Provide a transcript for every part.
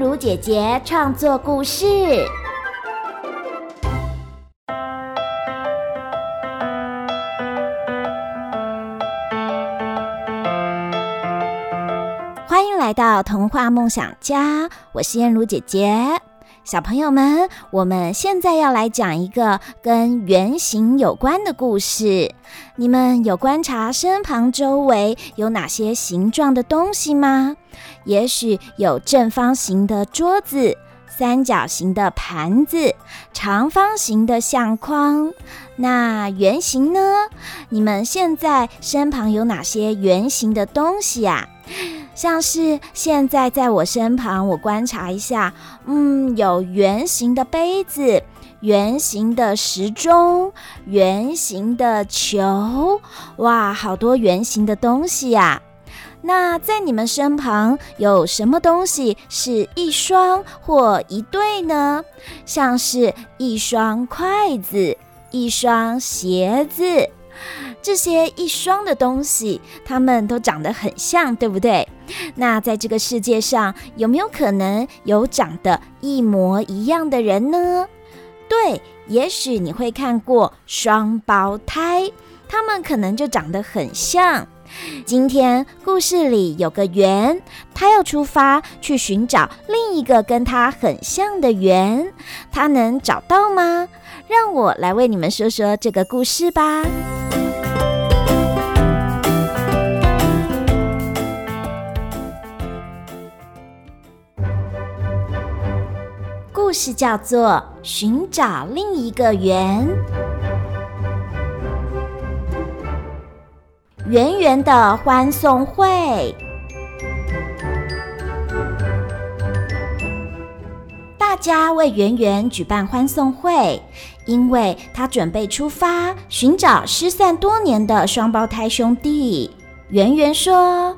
彥如姐姐創作故事，歡迎來到童話夢想家，我是彥如姐姐。小朋友們，我們現在要來講一個跟圓形有關的故事。你們有觀察身旁周圍有哪些形狀的東西嗎？也許有正方形的桌子、三角形的盤子、長方形的相框。那圓形呢？你們現在身旁有哪些圓形的東西呀？像是現在在我身旁，我觀察一下。嗯，有圓形的杯子、圓形的時鐘、圓形的球。哇，好多圓形的東西呀！那在你們身旁，有什麼東西是一雙或一對呢？像是一雙筷子、一雙鞋子，這些一雙的東西，它們都長得很像，對不對？那在這個世界上，有沒有可能有長得一模一樣的人呢？對，也許你會看過雙胞胎，他們可能就長得很像。今天故事裡有個圓，他要出發去尋找另一個跟他很像的圓，他能找到嗎？讓我來為你們說說這個故事吧。故事叫做《尋找另一個圓》。圓圓的歡送會，大家為圓圓舉辦歡送會，因為他準備出發尋找失散多年的雙胞胎兄弟。圓圓說：“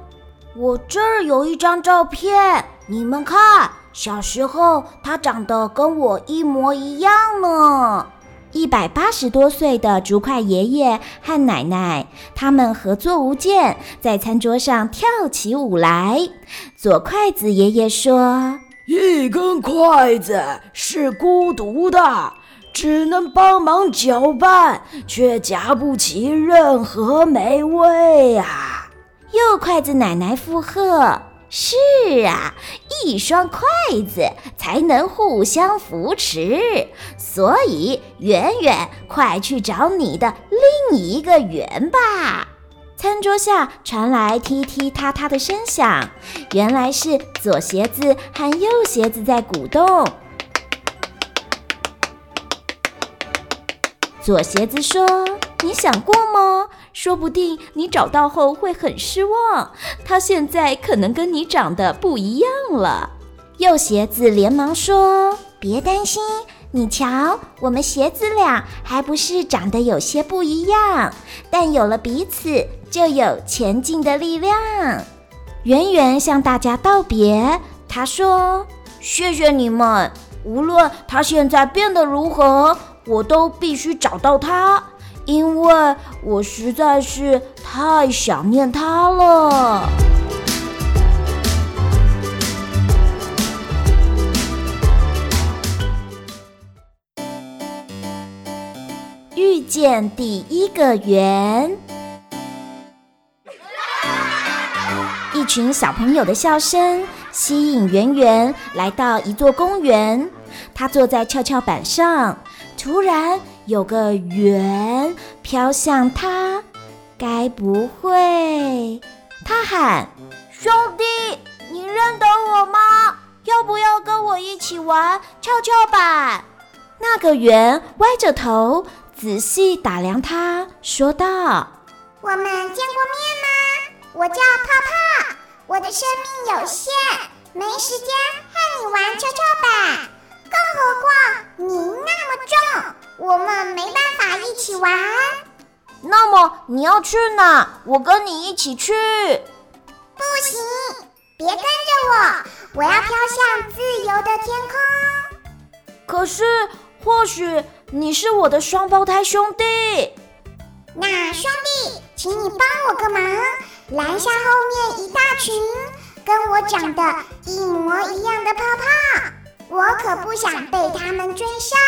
我這兒有一張照片，你們看，小時候她長得跟我一模一樣呢。”一百八十多歲的竹筷爺爺和奶奶，他們合作無間，在餐桌上跳起舞來。左筷子爺爺說：“一根筷子是孤獨的，只能幫忙攪拌，卻夾不起任何美味呀、啊！”右筷子奶奶附和。是啊，一雙筷子才能互相扶持，所以圓圓，快去找你的另一個圓吧。餐桌下傳來踢踢踏踏的聲響，原來是左鞋子和右鞋子在鼓動。左鞋子說：“你想過嗎？”說不定你找到後會很失望，他現在可能跟你長得不一樣了。右鞋子連忙說：“別擔心，你瞧，我們鞋子倆還不是長得有些不一樣，但有了彼此就有前進的力量。”圓圓向大家道別，他說：“謝謝你們，無論他現在變得如何，我都必須找到他。”因為我實在是太想念他了。遇見第一個圓，一群小朋友的笑聲吸引圓圓來到一座公園，他坐在蹺蹺板上，突然。有個圓飄向他，該不會？他喊：“兄弟，你認得我嗎？要不要跟我一起玩蹺蹺板？”那個圓歪着頭仔細打量他，說道：“我們見過面嗎？我叫泡泡，我的生命有限，沒時間和你玩蹺蹺板。更何況你那麼重。”我們沒辦法一起玩。那麼你要去哪？我跟你一起去。不行，別跟着我，我要飄向自由的天空。可是，或許你是我的雙胞胎兄弟。那兄弟，請你幫我個忙，攔下後面一大群跟我長得一模一樣的泡泡，我可不想被他們追上。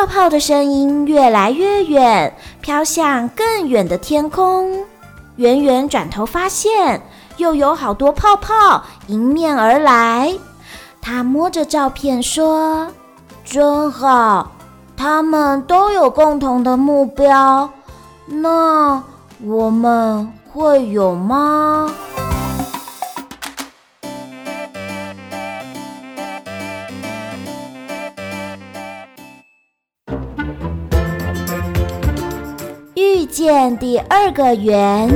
泡泡的聲音越來越遠，飄向更遠的天空。圓圓轉頭發現，又有好多泡泡迎面而來。他摸着照片說：“真好，他們都有共同的目標。那我們會有嗎？”見第二個圓。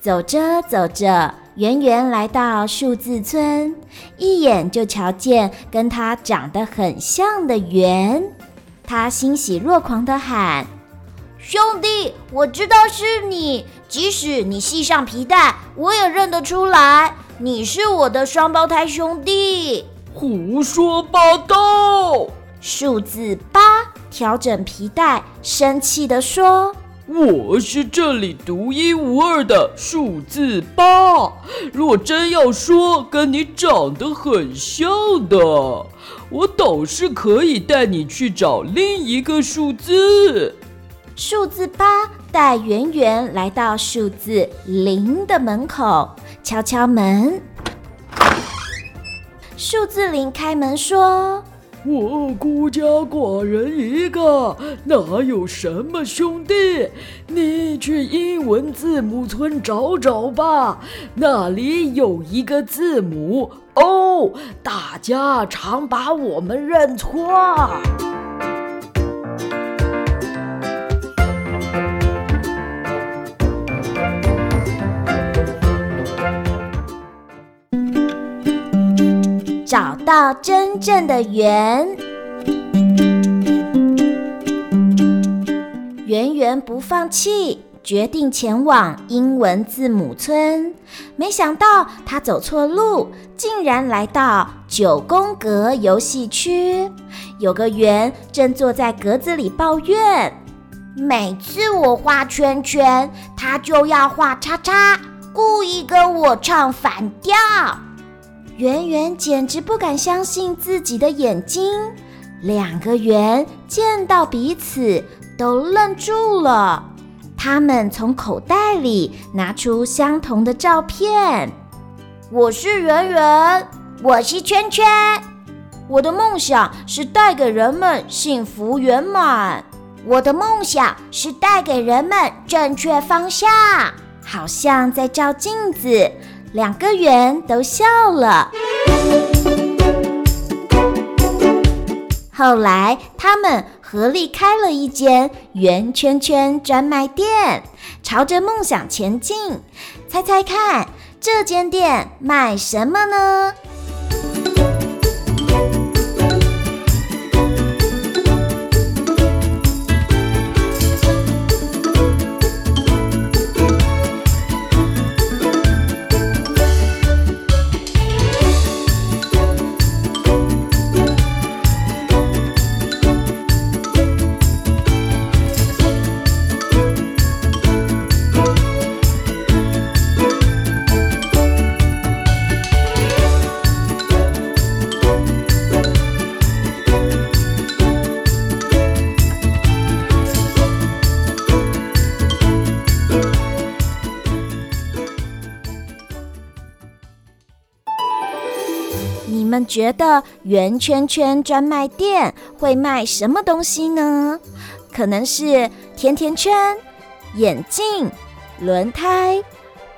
走着走着，圓圓來到數字村，一眼就瞧見跟他長得很像的圓，他欣喜若狂的喊：“兄弟，我知道是你，即使你繫上皮帶，我也認得出來，你是我的雙胞胎兄弟。”胡說八道！數字八調整皮帶，生氣地說：“我是這裡獨一無二的數字八。若真要說跟你長得很像的，我倒是可以帶你去找另一個數字。”數字八帶圓圓來到數字零的門口，敲敲門。數字零開門說。我孤家寡人一個，哪有什麼兄弟？你去英文字母村找找吧，那裡有一個字母 O，大家常把我們認錯。到真正的圓，圓圓不放棄，決定前往英文字母村。沒想到他走錯路，竟然來到九宮格遊戲區。有個圓正坐在格子裡抱怨：“每次我畫圈圈，他就要畫叉叉，故意跟我唱反調。”圓圓簡直不敢相信自己的眼睛，兩個圓見到彼此都愣住了。他們從口袋裡拿出相同的照片。我是圓圓，我是圈圈。我的夢想是帶給人們幸福圓滿。我的夢想是帶給人們正確方向。好像在照鏡子。兩個圓都笑了。後來，他們合力開了一間圓圈圈專賣店，朝着夢想前進。猜猜看，這間店賣什麼呢？覺得圓圈圈專賣店會賣什麼東西呢？可能是甜甜圈、眼鏡、輪胎。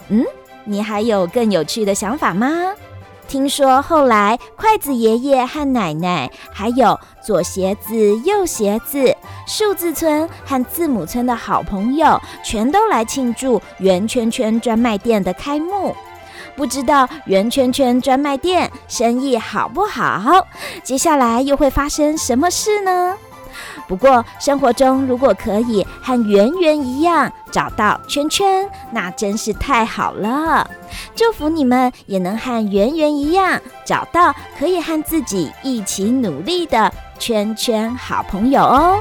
嗯，你還有更有趣的想法嗎？聽說後來筷子爺爺和奶奶，還有左鞋子、右鞋子、數字村和字母村的好朋友，全都來慶祝圓圈圈專賣店的開幕。不知道圓圈圈專賣店生意好不好，接下來又會發生什麼事呢？不過生活中如果可以和圓圓一樣找到圈圈，那真是太好了。祝福你們也能和圓圓一樣找到可以和自己一起努力的圈圈好朋友哦。